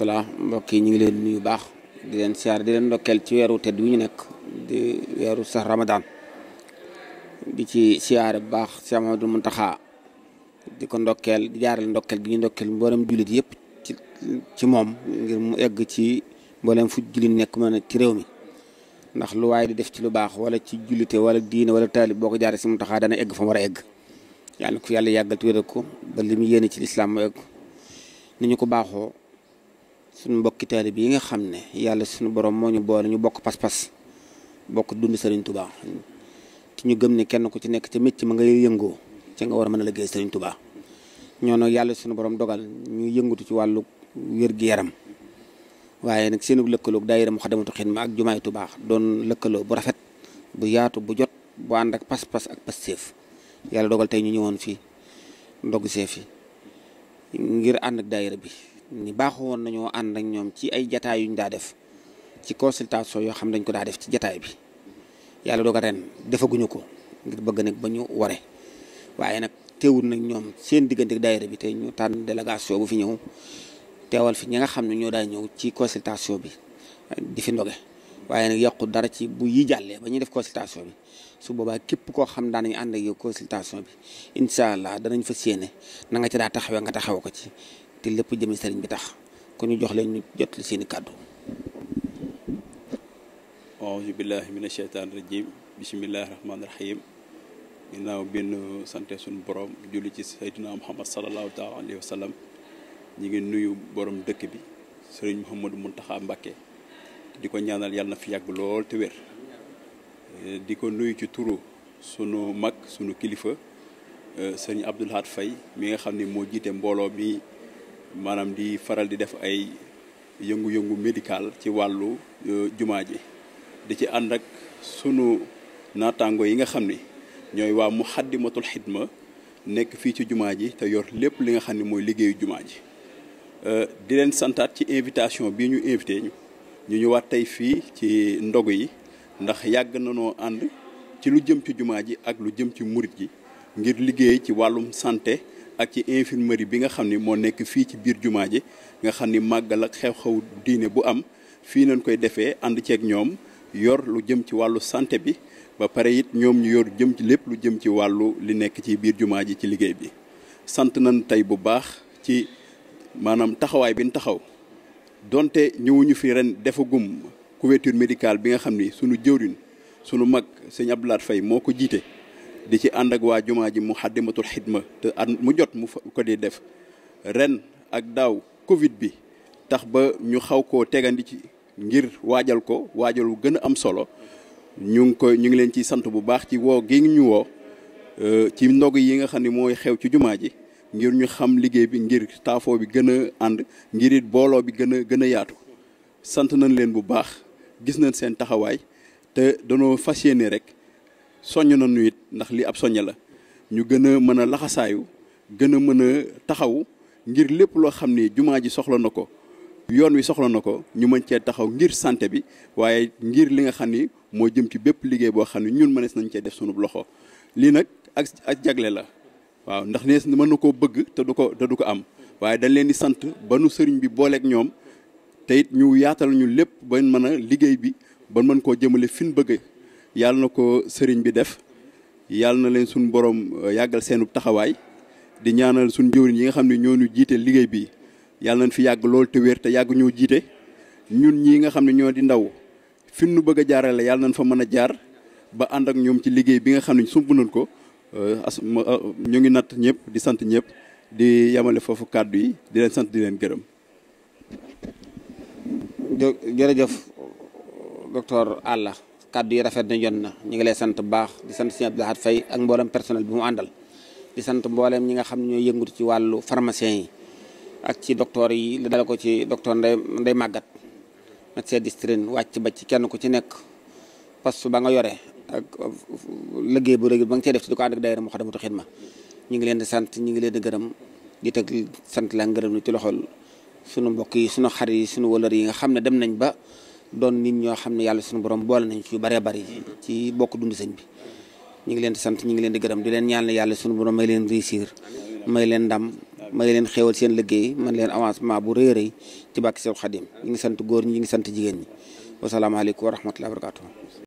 tala mbokk yi ñu ngi leen nuyu baax di leen siyaar di leen ndokkeel ci weeru tedd wi ñu nekk di weeru sax Ramadan di ci siyaare bu baax Cheikh Amadou taxaa di ko ndokkeel di jaarale ndokkeel bi ñu ndokkeel mboolem jullit yëpp ci ci moom ngir mu egg ci mboolem fu jullit nekk mën a ci réew mi ndax lu waaye di def ci lu baax wala ci jullite wala diine wala taalib boo ko jaaree si Muntaxa dana egg fa mu war a egg yàlla na ko yàlla yàggal tuwéral ko ba li ci lislaam mu ko baaxoo suñu mbokki bi yi nga xam ne yàlla suñu borom moo ñu boole ñu bokk pas-pas bokk dund Serigne tubaa ci ñu gëm ne kenn ku ci nekk ci métti ma ngay yëngoo ca nga war a mën a liggéey Serigne tubaa ñoo nag yàlla suñu borom dogal ñu yëngatu ci wàllu wér-gi-yaram waaye nag seenu lëkkaloog daayira Muxaddamatul Xidma ak jumaay Touba doon lëkkaloo bu rafet bu yaatu bu jot bu ànd ak pas-pas ak pastéef yàlla dogal tey ñu ñëwoon fii ndog see fi ngir ànd ak bi ni baaxoo woon nañoo ànd ak ñoom ci ay jataay yu ñu daa def ci consultation yoo xam dañ ko daa def ci jataay bi yàlla doog a ren defaguñu ko ngir bëgg nag ba ñu ware waaye nag teewul nag ñoom seen diggante daayira bi tey ñu tànn délégation bu fi ñëw teewal fi ñi nga xam ne ñoo daa ñëw ci consultation bi di fi ndoge waaye nag yokku dara ci bu yi jàllee ba ñu def consultation bi su boobaa képp koo xam daanañu ànd ak yow consultation bi incha allah danañ fa séene na nga ci daa taxawee nga taxaw ko ci te lépp jëmi sëriñ bi tax ku ñu jox leen ñu jot seeni kàddu aouzu billahi mina sheytaani rajim bismillahi rahmaani rahim ginnaaw benn sante suñu borom julli ci sayduna muhammad salallahu taala alayhi wa ñi ngi nuyu borom dëkk bi sëriñ muhammadu taxa mbàkke di ko ñaanal yàlla na fi yàgg lool te wér di ko nuyu ci turu sunu mag suñu kilifa sëriñ abdul ahad fay mi nga xam ne moo jiite mbooloo bi maanaam di faral di def ay yëngu-yëngu médical ci wàllu euh, jumaa ji di ci ànd ak sunu naataango yi nga xam ni ñooy waa Muxaddamatul Xidma nekk fii ci jumaa ji te yor lépp li nga xam ni mooy liggéeyu jumaa ji euh, di leen santaat ci invitation bii ñu invité ñu ñu ñëwaat tey fii ci ndogu yi ndax yàgg na noo ànd ci lu jëm ci jumaa ji ak lu jëm ci murit ji ngir liggéey ci wàllum santé ak ci infirmerie bi nga xam ni moo nekk fii ci biir jumaa ji nga xam ni màggal ak xew-xew diine bu am fii nañ koy defee ànd ceeg ñoom yor lu jëm ci wàllu sante bi ba pare it ñoom ñu yor jëm ci lépp lu jëm ci wàllu li nekk ci biir jumaa ji ci liggéey bi sant nañ tey bu baax ci maanaam taxawaay bi taxaw donte ñëwuñu fi ren defagum couverture médicale bi nga xam ni sunu jëwriñ sunu mag sëñ Abdoulaye Faye moo ko jiite di ci ànd ak waa jumaa ji mu xaddi xaddimatul xidma te at mu jot mu ko di def ren ak daaw Covid bi tax ba ñu xaw ko tegandi ci ngir waajal ko waajal wu gën a am solo ñu ngi koy ñu ngi leen ciy sant bu baax ci woo gi ñu woo e, ci ndog yi nga xam ne mooy xew ci jumaa ji ngir ñu xam liggéey bi ngir taafoo bi gën a ànd ngir it booloo bi gën a gën a yaatu sant nañ leen bu baax gis nañ seen taxawaay te danoo fas yéene rek. soññ na nu ndax li ab soññ la ñu gën a mën a laxasaayu gën a mën a taxaw ngir lépp loo xam ni jumaa ji soxla na ko yoon wi soxla na ko ñu mën cee taxaw ngir santé bi waaye ngir li nga xam ni moo jëm ci bépp liggéey boo xam ne ñun mënees nañ cee def sunu loxo lii nag ak ak jagle la waaw ndax nees mën na koo bëgg te du ko te ko am waaye dañ leen di sant ba nu sëriñ bi booleek ñoom te it ñu yaatal ñu lépp ba mën a liggéey bi ba mën koo jëmale fi ñu bëgg yàlla na ko sëriñ bi def yàlla na leen suñu borom euh, yàggal seenu taxawaay di ñaanal suñu jëwriñ yi nga xam ne ñoo ñu jiite liggéey bi yàlla nañ fi yàgg loolu te wér te yàgg ñoo jiite ñun ñii nga xam ne ñoo di ndaw fi nu bëgg a jaarale yàlla nañ fa mën a jaar ba ànd ak ñoom ci liggéey bi nga xam ne sumb nañ ko euh, as euh, ñu ngi natt ñëpp di sant ñëpp di yemale foofu kàddu yi di leen sant di leen gërëm. jërëjëf docteur Alla kàddu yi rafet na jot na ñu ngi lay sant bu baax di sant Sëñ Abdou Lahad Faye ak mboolem personnel bi mu àndal di sant mboolem ñi nga xam ne ñooy yëngatu ci wàllu pharmacien yi ak ci docteur yi li dala ko ci docteur Ndeye Ndeye Maguette médecin district wàcc ba ci kenn ku ci nekk poste ba nga yore ak liggéey bu rëy ba nga cee def ci di ko ànd ak daayira Moukhaddamatoul Khidma ñu ngi leen di sant ñu ngi leen di gërëm di teg sant la ngërëm ni ci loxol sunu mbokk yi sunu xarit yi sunu yi nga xam ne dem nañ ba doon nit ñoo xam ne yàlla suñu borom boole nañ ci yu bëree bëri ci bokk dund sëñ bi ñu ngi leen sant ñu ngi leen di gërëm di leen ñaan yàlla suñu borom may leen réussir may leen ndam may leen xéewal seen liggéey man leen avancement bu rëy rëy ci bàkk sew Xadim ñu ngi sant góor ñi ñu ngi sant jigéen ñi wasalaamaaleykum wa rahmatullahi wa barakatuh